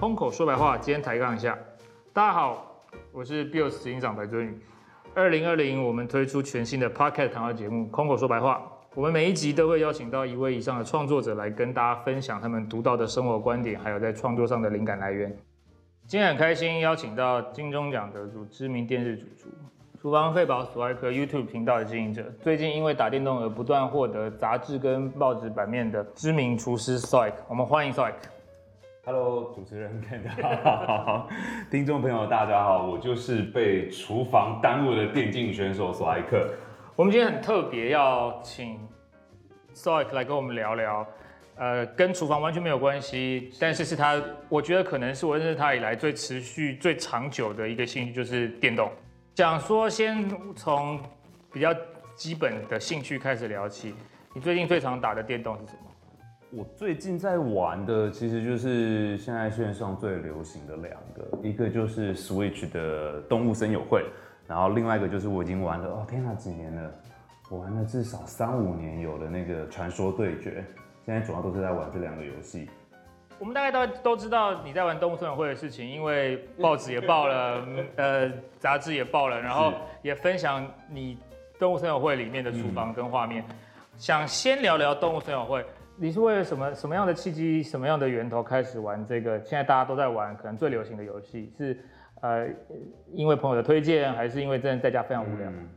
空口說白話，今天抬槓一下。大家好，我是 Bios 執行長白尊宇。二零二零，我們推出全新的 Podcast 談話節目《空口說白話》，我們每一集都會邀請到一位以上的創作者來跟大家分享他們獨到的生活觀點，還有在創作上的靈感來源。今天很開心邀請到金鐘獎得主、知名電視主廚、廚房廢寶索艾克和 YouTube 頻道的經營者，最近因為打電動而不斷獲得雜誌跟報紙版面的知名廚師索艾克。我們歡迎 s 索艾克。Hello， 主持人，大 家好,好,好，聽眾朋友，大家好，我就是被廚房耽誤的電競選手索萊克。我們今天很特別，要請 s o 艾克來跟我們聊聊。呃，跟廚房完全沒有關係，但是是他，我覺得可能是我認識他以來最持續、最長久的一個興趣就是電動。想說先從比較基本的興趣開始聊起。你最近最常打的電動是什麼？我最近在玩的其實就是現在線上最流行的兩個，一個就是 Switch 的動物森友會，然後另外一個就是我已經玩了哦天哪、啊、幾年了，我玩了至少三五年有的那個傳說對決，現在主要都是在玩這兩個遊戲。我們大概都都知道你在玩動物森友會的事情，因為報紙也報了， 呃，雜誌也報了，然後也分享你動物森友會裡面的廚房跟畫面、嗯。想先聊聊動物森友會。你是為了什麼什麼樣的契機，什麼樣的源頭開始玩這個？現在大家都在玩，可能最流行的遊戲是，呃，因為朋友的推薦，還是因為真的在家非常無聊？嗯，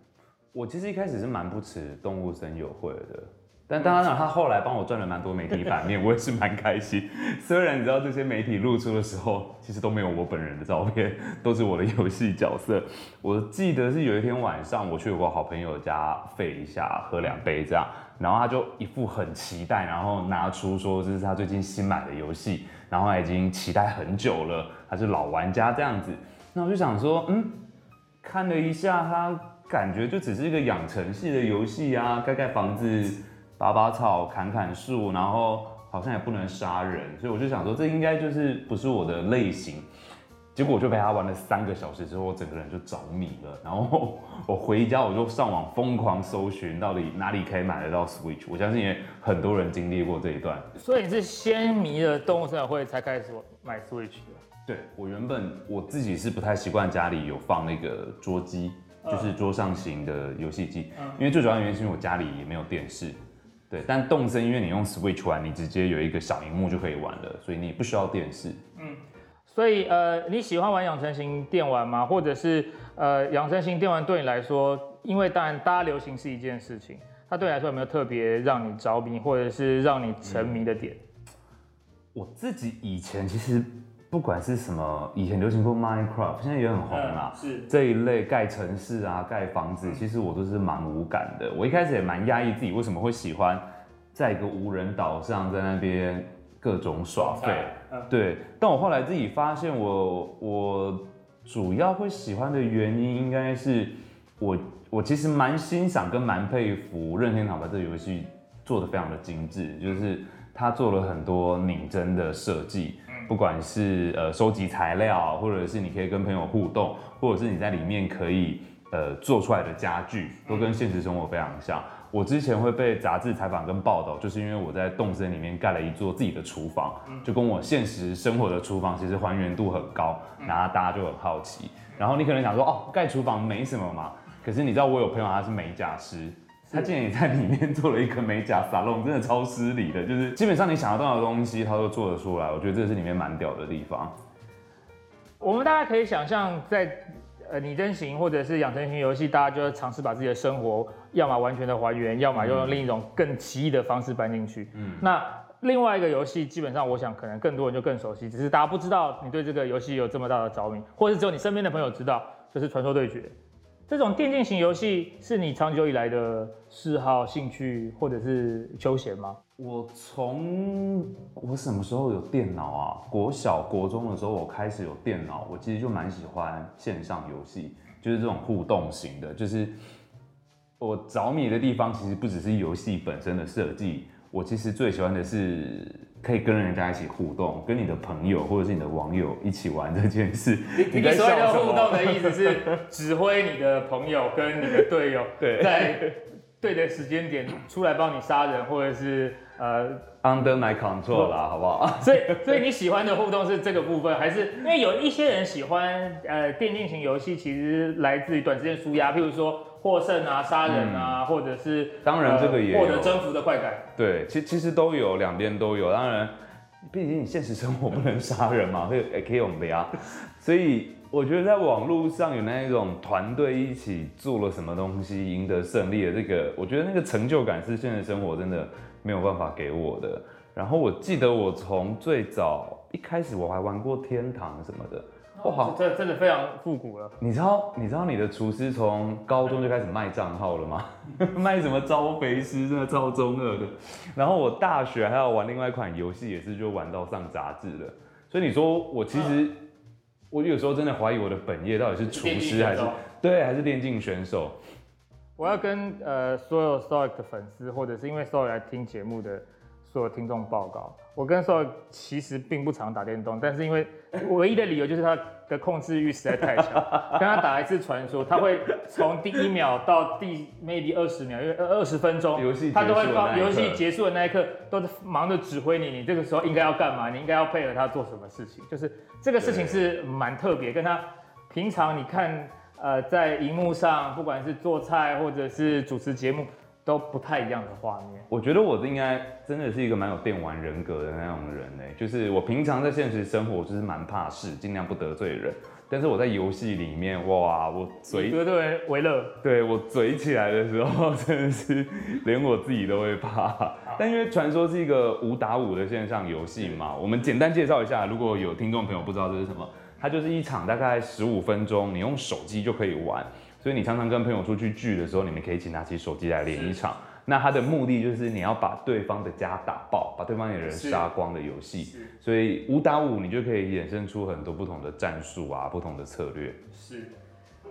我其實一開始是蠻不吃《動物森友會》的，但當然他後來幫我賺了蠻多媒體版面， 我也是蠻開心。雖然你知道這些媒體露出的時候，其實都沒有我本人的照片，都是我的遊戲角色。我記得是有一天晚上，我去有個好朋友家廢一下，喝兩杯這樣。然後他就一副很期待，然後拿出說，這是他最近新買的遊戲，然後他已經期待很久了，他是老玩家這樣子。那我就想說，嗯，看了一下他，感覺就只是一個養成系的遊戲啊，蓋蓋房子，拔拔草，砍砍樹，然後好像也不能殺人，所以我就想說這應該就是不是我的類型。結果我就陪他玩了三個小時之後，我整個人就着迷了。然後我回家，我就上網瘋狂搜尋，到底哪裡可以買得到 Switch。我相信也很多人經歷過這一段。所以你是先迷了《動物森友會》才開始買 Switch 的？對，我原本我自己是不太習慣家裡有放那個桌機，就是桌上型的遊戲機，因為最主要原因是因為我家裡也沒有電視。對，但動森，因為你用 Switch 玩，你直接有一個小螢幕，就可以玩了，所以你也不需要電視。所以，呃，你喜歡玩養成型電玩嗎？或者是，呃，養成型電玩對你來說，因為當然大家流行是一件事情，它對你來說有沒有特別讓你着迷或者是讓你沉迷的點？嗯。我自己以前其實不管是什麼，以前流行過 Minecraft，現在也很紅啦、啊嗯。是這一類蓋城市啊、蓋房子，其實我都是蠻無感的。我一開始也蠻訝異自己為什麼會喜歡在一個無人島上在那邊各種耍廢。對，但我後來自己發現我，我我主要會喜歡的原因，應該是我我其實蠻欣賞跟蠻佩服任天堂把這個遊戲做得非常的精致，就是他做了很多擬真的設計，不管是呃收集材料，或者是你可以跟朋友互動，或者是你在裡面可以呃做出來的家具，都跟現實生活非常像。我之前會被雜誌採訪跟報道，就是因為我在動森裡面蓋了一座自己的廚房，就跟我現實生活的廚房其實還原度很高，然後大家就很好奇。然後你可能想說，哦，蓋廚房沒什麼嘛？可是你知道我有朋友他是美甲師，他竟然也在裡面做了一個美甲沙龍，真的超失禮的。就是基本上你想要到的多少東西，他都做得出來。我覺得這是裡面蠻屌的地方。我們大家可以想象在。呃，擬真型或者是養成型遊戲，大家就嘗試把自己的生活，要麼完全的還原，要麼用另一種更奇異的方式搬進去。嗯，那另外一個遊戲，基本上我想可能更多人就更熟悉，只是大家不知道你對這個遊戲有這麼大的着迷，或者只有你身邊的朋友知道，就是《傳說對決》。這種電競型遊戲是你長久以來的嗜好、興趣或者是休閒嗎？我從我什麼時候有電腦啊？國小、國中的時候我開始有電腦，我其實就蠻喜歡線上遊戲，就是這種互動型的。就是我着迷的地方，其實不只是遊戲本身的設計，我其實最喜歡的是。可以跟人家一起互動，跟你的朋友或者是你的網友一起玩這件事。你你所謂的互動的意思是指揮你的朋友跟你的隊友在對的時間點出來幫你殺人，或者是、呃、under my control 啦好不好？所以所以你喜歡的互動是這個部分，還是因為有一些人喜歡呃電競型遊戲，其實來自於短時間紓壓，譬如說。獲勝啊，殺人啊、嗯，或者是當然這個也獲得征服的快感，對，其其實都有，兩邊都有，當然，畢竟你現實生活不能殺人嘛，會可以用呀。所以我覺得在網絡上有那一種團隊一起做了什麼東西，贏得勝利的這個，我覺得那個成就感是現實生活真的沒有辦法給我的。然後我記得我從最早一開始我還玩過天堂什麼的。哇，這真的非常復古了。你知道，你知道你的廚師從高中就開始賣賬號了嗎？ 賣什麼招肥師，真的超中二的。然後我大學還要玩另外一款遊戲，也是就玩到上雜誌了。所以你說我其實，嗯、我有時候真的懷疑我的本業到底是廚師還是對還是電競選手。我要跟呃所有 Soac 的粉絲，或者是因為 Soac 來聽節目的。做聽眾報告，我跟 Soac 其實並不常打電動，但是因為唯一的理由就是他的控制欲實在太強。 跟他打一次傳說，他會從第一秒到第 maybe 二十秒，因為二十分鐘，遊戲他都會遊戲結束的那一刻，都在忙着指揮你，你這個時候應該要幹嘛？你應該要配合他做什麼事情？就是這個事情是蠻特別，跟他平常你看呃在熒幕上，不管是做菜或者是主持節目。都不太一樣的畫面。我覺得我應該真的是一個蠻有電玩人格的那種人呢、欸。就是我平常在現實生活就是蠻怕事，盡量不得罪人。但是我在遊戲裡面，哇，我嘴、嗯、對對對，維勒，對，我嘴起來的時候，真的是連我自己都會怕。啊、但因為傳說是一個五打五的線上遊戲嘛，我們簡單介紹一下，如果有聽眾朋友不知道這是什麼，它就是一場大概十五分鐘，你用手機就可以玩。所以你常常跟朋友出去聚的時候，你們可以一起拿起手機來連一場。那它的目的就是你要把對方的家打爆，把對方的人殺光的遊戲。所以五打五，你就可以衍生出很多不同的戰術啊，不同的策略。是。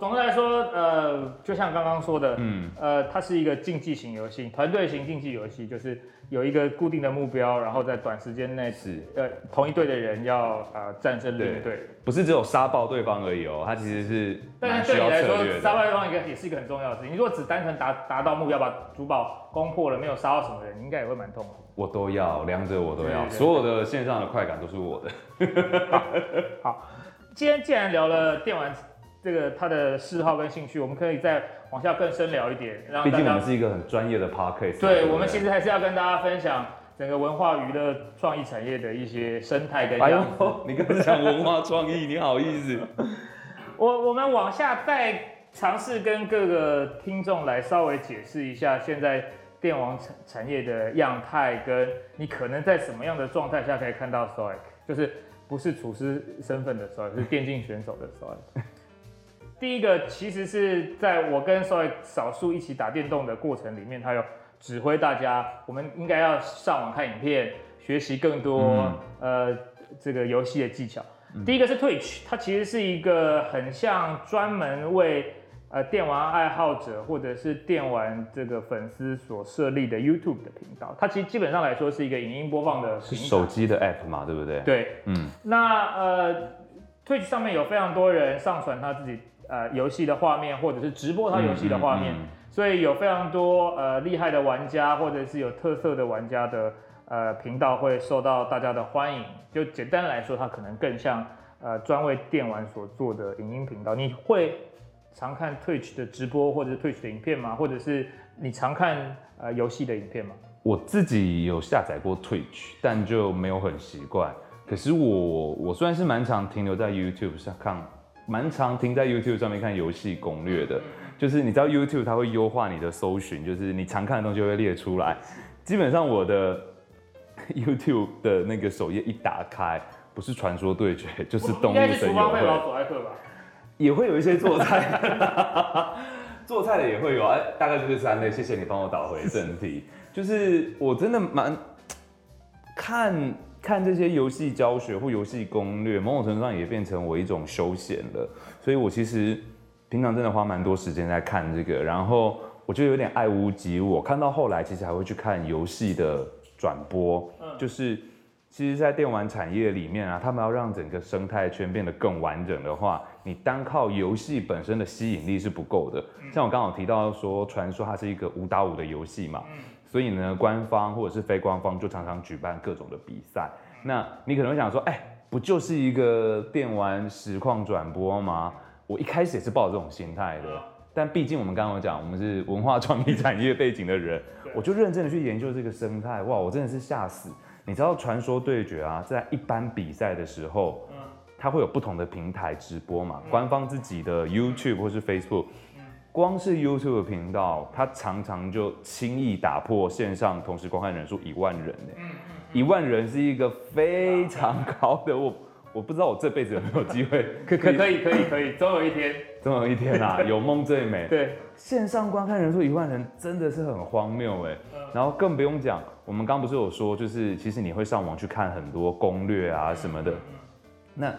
總的來說，呃，就像剛剛說的，嗯，呃，它是一個競技型遊戲，團隊型競技遊戲，就是有一個固定的目標，然後在短時間內，是，呃，同一隊的人要呃戰勝另一隊，不是只有殺爆對方而已哦，它其實是蠻需要策略的。但是對你來說，殺爆對方一個也是一個很重要的事情。你如果只單純達達到目標，把主堡攻破了，沒有殺到什麼人，你應該也會蠻痛苦。我都要，兩者我都要，對對對，所有的線上的快感都是我的。 好，今天既然聊了電玩。這個他的嗜好跟興趣，我們可以再往下更深聊一點。畢竟我們是一個很專業的 podcast 對，對，我們其實還是要跟大家分享整個文化娛樂創意產業的一些生態跟樣態。哎。你跟我講文化創意， 你好意思？ 我，我們往下再嘗試跟各個聽眾來稍微解釋一下，現在電玩產產業的樣態，跟你可能在什麼樣的狀態下可以看到 Soac，就是不是廚師身份的 Soac，是電競選手的 Soac。 第一個其實是在我跟稍微少數一起打電動的過程裡面，他有指揮大家，我們應該要上網看影片，學習更多、嗯、呃這個遊戲的技巧、嗯。第一個是 Twitch，它其實是一個很像專門為呃電玩愛好者或者是電玩這個粉絲所設立的 YouTube 的頻道。它其實基本上來說是一個影音播放的平台。是手機的 app 嘛，對不對？對，嗯。那呃。Twitch 上面有非常多人上傳他自己呃遊戲的畫面，或者是直播他遊戲的畫面、嗯嗯嗯，所以有非常多呃厲害的玩家或者是有特色的玩家的呃頻道會受到大家的歡迎。就簡單來說，它可能更像呃專為電玩所做的影音頻道。你會常看 Twitch 的直播，或者是 Twitch 的影片嗎？或者是你常看呃遊戲的影片嗎？我自己有下載過 Twitch，但就沒有很習慣。可是我我雖然是蠻常停留在 YouTube 上看，蠻常停在 YouTube 上面看遊戲攻略的，就是你知道 YouTube 它會優化你的搜尋，就是你常看的東西就會列出來。基本上我的 YouTube 的那個首頁一打開，不是傳說對決就是動物森友會，我應會愛吧，也會有一些做菜，做 菜的也會有，哎，大概就是三類。謝謝你幫我導回正題，就是我真的蠻看，看這些遊戲教學或遊戲攻略，某種程度上也變成我一種休閒了。所以我其實平常真的花蠻多時間在看這個，然後我就有點愛屋及烏，看到後來其實還會去看遊戲的轉播。就是其實，在電玩產業裡面啊，他們要讓整個生態圈變得更完整的話，你單靠遊戲本身的吸引力是不夠的。像我剛好提到說，傳說它是一個五打五的遊戲嘛。所以呢，官方或者是非官方就常常舉辦各種的比賽。那你可能會想說，哎、欸，不就是一個電玩實況轉播嗎？我一開始也是抱這種心態的。但畢竟我們剛剛講，我們是文化創意產業背景的人，我就認真的去研究這個生態。哇，我真的是嚇死！你知道傳說對決啊，在一般比賽的時候，它會有不同的平台直播嘛，官方自己的 YouTube 或是 Facebook。光是 YouTube 頻道，它常常就輕易打破線上同時觀看人數一萬人欸。嗯、嗯。一萬人是一個非常高的，我我不知道我這輩子有沒有機會。可可以可以 可以，總有一天。總有一天啊，有夢最美。對。對，線上觀看人數一萬人真的是很荒謬哎、欸。然後更不用講，我們剛不是有說，就是其實你會上網去看很多攻略啊什麼的。那。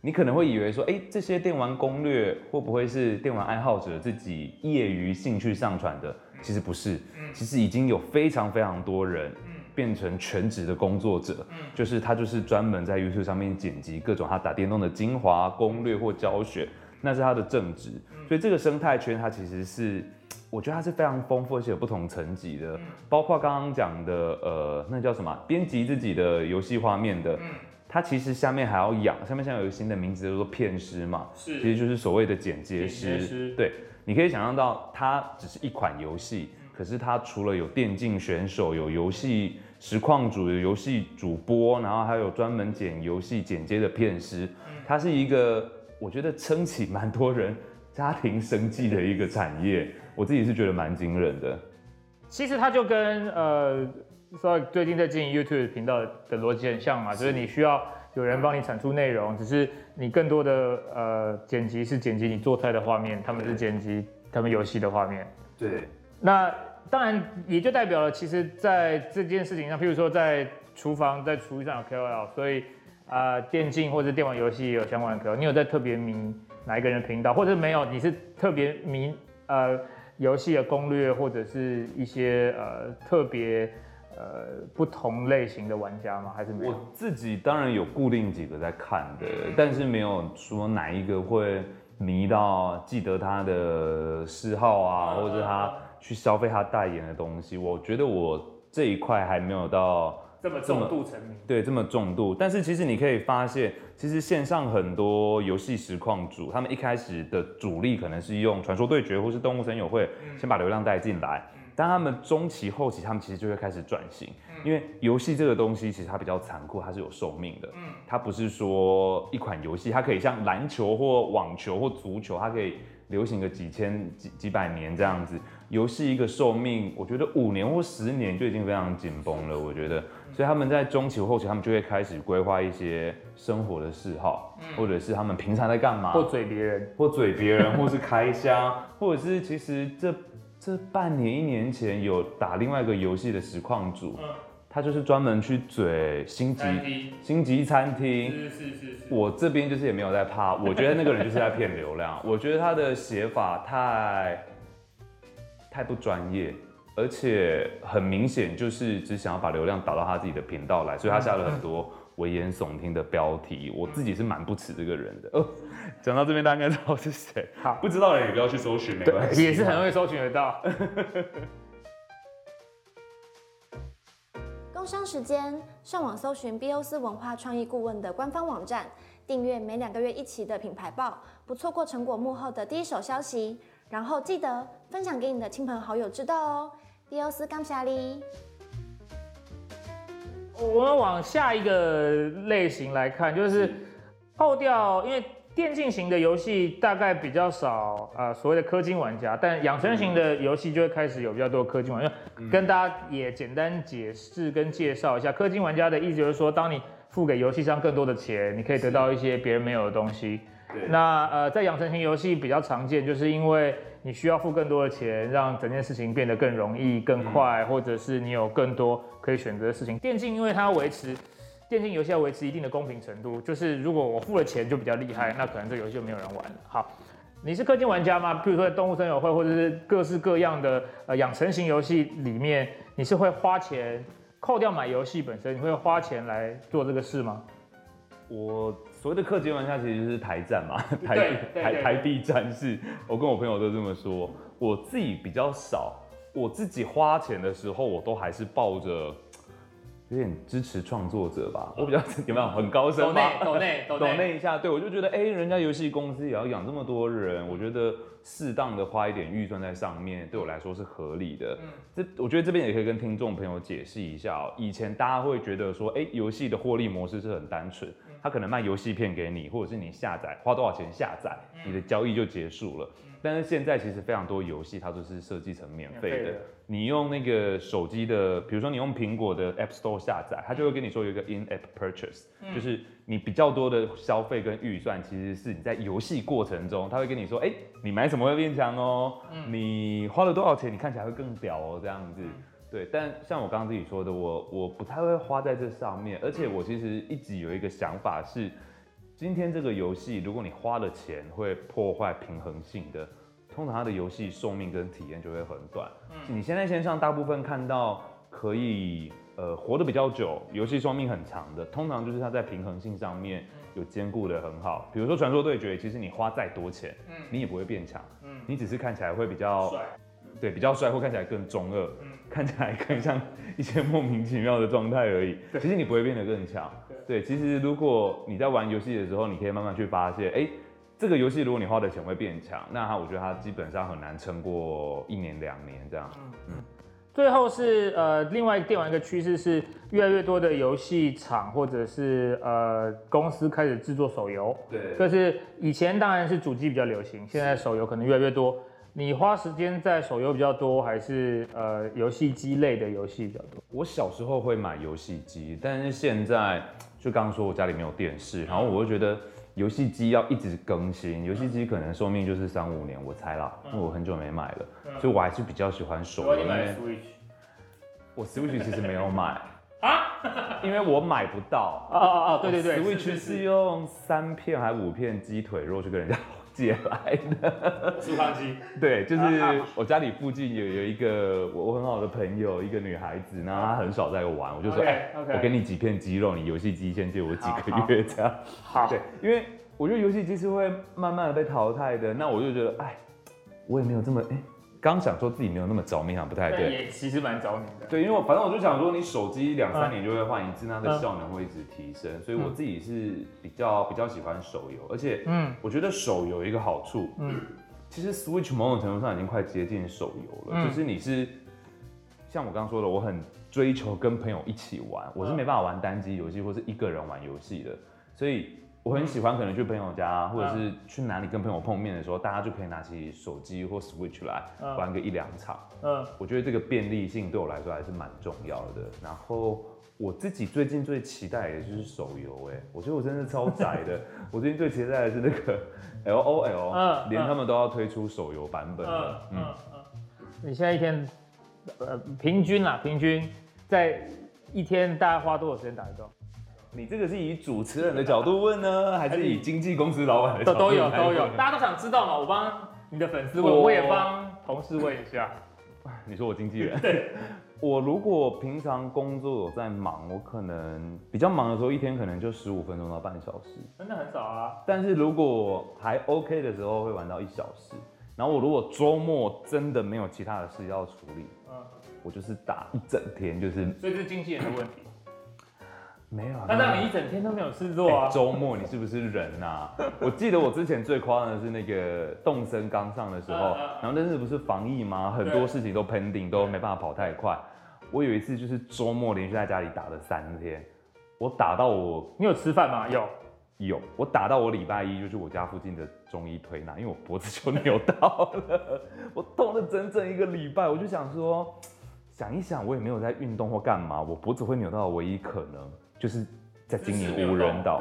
你可能會以為說，哎、欸，這些電玩攻略會不會是電玩愛好者自己業餘興趣上傳的？其實不是，其實已經有非常非常多人，變成全職的工作者，就是他就是專門在 YouTube 上面剪輯各種他打電動的精華攻略或教學，那是他的正職，所以這個生態圈它其實是，我覺得它是非常豐富而且有不同層級的，包括剛剛講的，呃，那叫什麼、啊？編輯自己的遊戲畫面的。它其實下面還要養，下面現在有一個新的名字叫做片師嘛，是，其實就是所謂的剪接，剪接師。對，你可以想象到，它只是一款遊戲，可是它除了有電競選手，有遊戲實況主、有遊戲主播，然後還有專門剪遊戲剪接的片師，它是一個我覺得撐起蠻多人家庭生計的一個產業，我自己是覺得蠻驚人的。其實它就跟呃。所、so, 以最近在經營 YouTube 頻道的邏輯很像嘛，就是你需要有人幫你產出內容，只是你更多的呃剪輯是剪輯你做菜的畫面，他們是剪輯他們遊戲的畫面。對，那當然也就代表了，其實，在這件事情上，譬如說在廚房在廚藝上有 KOL，所以啊、呃、電競或者電玩遊戲也有相關的 KOL。你有在特別迷哪一個人的頻道，或者沒有？你是特別迷呃遊戲的攻略，或者是一些呃特別。呃，不同類型的玩家嗎？還是沒有？我自己當然有固定幾個在看的，但是沒有說哪一個會迷到記得他的嗜好啊，或者他去消費他代言的東西。我覺得我這一塊還沒有到這麼，這麼重度沉迷，對，這麼重度。但是其實你可以發現，其實線上很多遊戲實況主，他們一開始的主力可能是用《傳說對決》或是《動物森友會》，先把流量帶進來。嗯但他們中期後期，他們其實就會開始轉型，嗯，因為遊戲這個東西其實它比較殘酷，它是有壽命的。嗯，它不是說一款遊戲它可以像籃球或網球或足球，它可以流行個幾千幾幾百年這樣子。遊戲一個壽命，我覺得五年或十年就已經非常緊繃了。我覺得，所以他們在中期後期，他們就會開始規劃一些生活的嗜好，嗯，或者是他們平常在幹嘛？或嘴別人，或嘴別人，或是開箱， 或者是其實這。這半年一年前有打另外一個遊戲的實況主，他就是專門去嘴星級星級餐廳是是是是是，我這邊就是也沒有在怕，我覺得那個人就是在騙流量， 我覺得他的寫法太太不專業，而且很明顯就是只想要把流量導到他自己的頻道來，所以他下了很多。 危言聳聽的標題，我自己是蠻不齒這個人的。哦，講到這邊，大家應該知道是誰。好，不知道的人也不要去搜尋，沒關係，也是很容易搜尋得到。 工商時間，上網搜尋 BIOS 文化創意顧問的官方網站，訂閱每兩個月一期的品牌報，不錯過成果幕後的第一手消息。然後記得分享給你的親朋好友知道哦。BIOS 感謝你。我們往下一個類型來看，就是後調，因為電競型的遊戲大概比較少啊、呃，所謂的氪金玩家，但養成型的遊戲就會開始有比較多氪金玩家。跟大家也簡單解釋跟介紹一下，氪金玩家的意思就是說，當你付給遊戲商更多的錢，你可以得到一些別人沒有的東西。對那呃，在養成型遊戲比較常見，就是因為你需要付更多的錢，讓整件事情變得更容易、嗯、更快，或者是你有更多可以選擇的事情。電競因為它要維持，電競遊戲要維持一定的公平程度，就是如果我付了錢就比較厲害，那可能這遊戲就沒有人玩了。好，你是氪金玩家嗎？譬如說在動物森友會或者是各式各樣的呃養成型遊戲裡面，你是會花錢扣掉買遊戲本身，你會花錢來做這個事嗎？我。我的課金玩家其實就是台戰嘛，台，對對對對，台、台幣戰士，我跟我朋友都這麼說。我自己比較少，我自己花錢的時候，我都還是抱着有點支持創作者吧。我比較有沒有很高深嗎？抖內、抖內、抖內一下，對我就覺得，哎、欸，人家遊戲公司也要養這麼多人，我覺得適當的花一點預算在上面，對我來說是合理的。嗯、這我覺得這邊也可以跟聽眾朋友解釋一下哦、喔。以前大家會覺得說，哎、欸，遊戲的獲利模式是很單純。他可能賣遊戲片給你，或者是你下載花多少錢下載、嗯，你的交易就結束了。嗯、但是現在其實非常多遊戲，它都是設計成免費的，的。你用那個手機的，比如說你用蘋果的 App Store 下載，它就會跟你說有一個 In App Purchase，嗯、就是你比較多的消費跟預算其實是你在遊戲過程中，它會跟你說，哎、欸，你買什麼會變強哦、嗯，你花了多少錢，你看起來會更屌哦，這樣子。嗯對，但像我剛剛自己說的，我我不太會花在這上面，而且我其實一直有一個想法是，嗯、今天這個遊戲如果你花了錢會破壞平衡性的，通常它的遊戲壽命跟體驗就會很短。嗯，你現在線上大部分看到可以呃活得比較久，遊戲壽命很長的，通常就是它在平衡性上面有兼顧得很好。比如說傳說對決，其實你花再多錢，嗯，你也不會變強，嗯，你只是看起來會比較帥，對，比較帥或看起來更中二。看起來更像一些莫名其妙的狀態而已。其實你不會變得更強。對，其實如果你在玩遊戲的時候，你可以慢慢去發現，哎、欸，這個遊戲如果你花的錢會變強，那它我覺得它基本上很難撐過一年兩年這樣。嗯。最後是呃，另外電玩一個趨勢是越來越多的遊戲廠或者是呃公司開始制作手遊。對。就是以前當然是主機比較流行，現在手遊可能越來越多。你花時間在手遊比較多，還是呃遊戲機類的遊戲比較多？我小時候會買遊戲機，但是現在就剛剛說，我家裡沒有電視，然後我就覺得遊戲機要一直更新，遊戲機可能壽命就是三五年，我猜啦，因為我很久沒買了，所以我還是比較喜歡手遊。嗯、我，手 Switch? 我 Switch 其實沒有買啊， 因為我買不到 啊啊啊！對對對，對，Switch 是用三片還是五片雞腿肉去跟人家？借來的，對，就是我家裡附近有有一個我我很好的朋友，一個女孩子，然後她很少在我玩，我就說，哎，OK，我給你幾片雞肉，你遊戲機先借我幾個月這樣。好，對，因為我覺得遊戲機是會慢慢的被淘汰的，那我就覺得，哎，我也沒有這麼，哎。剛想說自己沒有那麼着迷、啊，想不太對，對，也其實蠻着迷的。對，因為我反正我就想說，你手機兩三年就會換一次，它的效能會一直提升，所以我自己是比較、嗯、比較喜歡手遊，而且嗯，我覺得手遊有一個好處，嗯，其實 Switch 某種程度上已經快接近手遊了、嗯，就是你是像我剛剛說的，我很追求跟朋友一起玩，我是沒辦法玩單機遊戲或是一個人玩遊戲的，所以。我很喜歡，可能去朋友家，或者是去哪裡跟朋友碰面的時候，uh, 大家就可以拿起手機或 Switch 來玩個一兩場。嗯、uh, uh,，我覺得這個便利性對我來說還是蠻重要的。然後我自己最近最期待的就是手遊，哎，我覺得我真的是超宅的。 我最近最期待的是那個 LOL，uh, uh, 連他們都要推出手遊版本了。嗯、uh, uh, uh, 嗯，你現在一天呃平均啦，平均在一天大概花多少時間打一個？你這個是以主持人的角度問呢，還是以經紀公司老板的角度？角都，都有都有，大家都想知道嘛。我幫你的粉絲問，我，我也幫同事問一下。你說我經紀人，對，我如果平常工作有在忙，我可能比較忙的時候，一天可能就十五分鐘到半小時，真的很少啊。但是如果還 OK 的時候，會玩到一小時。然後我如果周末真的沒有其他的事要處理，嗯，我就是打一整天，就是。所以這是經紀人的問題。 沒有、啊，那那你一整天都沒有事做啊？週、欸、末你是不是人吶、啊？ 我記得我之前最誇張的是那個動森剛上的時候，然後那是不是防疫嗎？很多事情都 pending，都沒辦法跑太快。我有一次就是週末連續在家裡打了三天，我打到我，你有吃飯嗎？有，有。我打到我禮拜一就是我家附近的中醫推拿，因為我脖子就扭到了， 我痛了整整一個禮拜。我就想說，想一想，我也沒有在運動或幹嘛，我脖子會扭到的唯一可能，就是在經營無人島，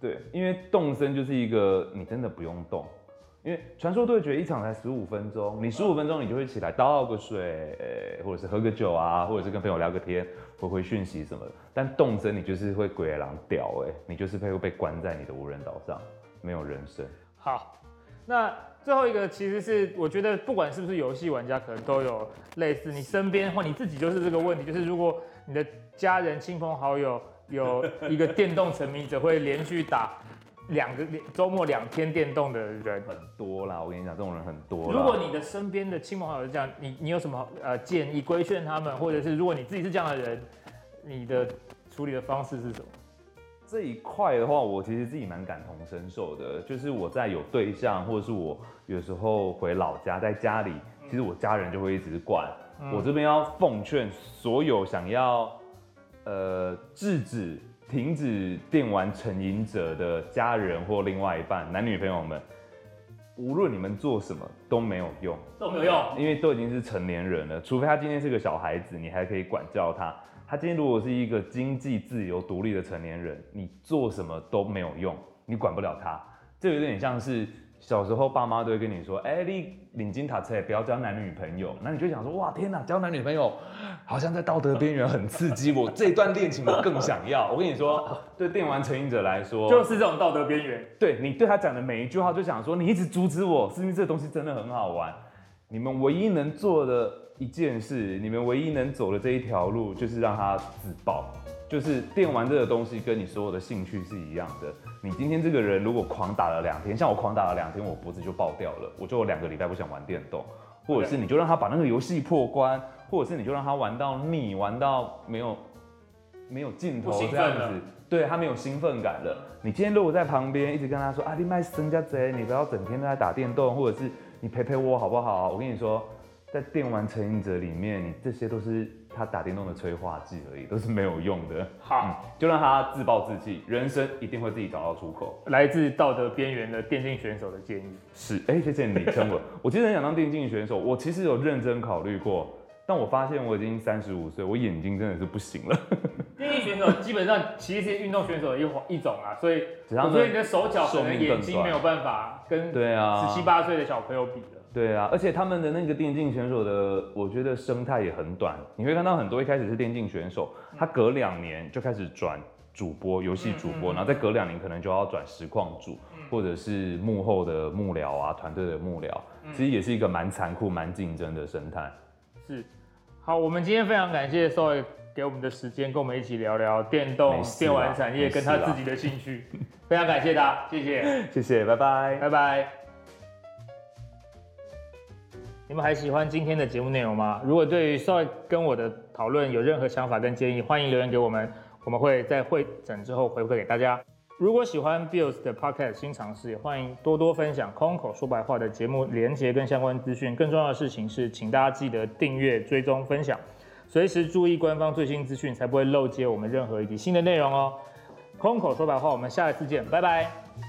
對，對，因為動森就是一個你真的不用動，因為傳說對決一場才十五分鐘，你十五分鐘你就會起來倒個水，或者是喝個酒啊，或者是跟朋友聊個天，回回訊息什麼，但動森你就是會鬼狼屌、欸、你就是被會被關在你的無人島上，沒有人生。好，那最後一個其實是我覺得不管是不是遊戲玩家，可能都有類似你身邊或你自己就是這個問題，就是如果你的。家人、親朋好友有一個電動沉迷者會連續打兩個周末兩天電動的人很多啦，我跟你講，這種人很多。如果你的身邊的親朋好友是這樣，你你有什麼呃建議規勸他們，或者是如果你自己是這樣的人，你的處理的方式是什麼？這一塊的話，我其實自己蠻感同身受的，就是我在有對象，或者是我有時候回老家，在家裡，其實我家人就會一直管。嗯、我這邊要奉勸所有想要。呃，制止、停止電玩成癮者的家人或另外一半，男女朋友們，無論你們做什麼都沒有用，都沒有用，因為都已經是成年人了。除非他今天是個小孩子，你還可以管教他。他今天如果是一個經濟自由、獨立的成年人，你做什麼都沒有用，你管不了他。這有點像是。小時候，爸媽都會跟你說：“哎、欸，你領金塔車不要交男女朋友。”那你就想說：“哇，天哪，交男女朋友，好像在道德邊緣，很刺激我。 ”我這段戀情我更想要。我跟你說，對電玩成癮者來說，就是這種道德邊緣。對你對他講的每一句話，就想說你一直阻止我，是因為這東西真的很好玩。你們唯一能做的。一件事，你們唯一能走的這一條路，就是讓他自爆，就是電玩這個東西跟你所有的興趣是一樣的。你今天這個人如果狂打了兩天，像我狂打了兩天，我脖子就爆掉了，我就兩個禮拜不想玩電動。或者是你就讓他把那個遊戲破關，或者是你就讓他玩到膩，玩到沒有沒有盡頭的這樣子，對他沒有興奮感了。你今天如果在旁邊一直跟他說啊，你麥增加賊，你不要整天都在打電動，或者是你陪陪我好不好？我跟你說。在電玩成癮者裡面，你這些都是他打電動的催化劑而已，都是沒有用的。好，嗯、就讓他自暴自棄，人生一定會自己找到出口。來自道德邊緣的電競選手的建議是：哎、欸，謝謝你聽我。 我其實很想當電競選手，我其實有認真考慮過，但我發現我已經三十五歲，我眼睛真的是不行了。 電競選手基本上其實是運動選手的一一種啊，所以，所以你的手腳可能眼睛沒有辦法跟對啊十七八歲的小朋友比了。對啊，而且他們的那個電競選手的，我覺得生態也很短。你會看到很多一開始是電競選手，他隔兩年就開始轉主播、遊戲主播，然後再隔兩年可能就要轉實況主或者是幕後的幕僚啊、團隊的幕僚。其實也是一個蠻殘酷、蠻競爭的生態。是，好，我們今天非常感謝 Soac 給我們的時間，跟我們一起聊聊電動電玩產業跟他自己的興趣。 非常感謝大家，謝謝，謝謝，拜拜，拜拜。你們還喜歡今天的節目內容嗎？如果對於 Soac 跟我的討論有任何想法跟建議，歡迎留言給我們，我們會在會診之後回饋給大家。如果喜歡 BIOS 的 Podcast 新嘗試，也歡迎多多分享空口說白話的節目連結跟相關資訊。更重要的事情是，請大家記得訂閱、追蹤、分享，隨時注意官方最新資訊，才不會漏接我們任何一集新的內容哦。空口說白話，我們下一次見，拜拜。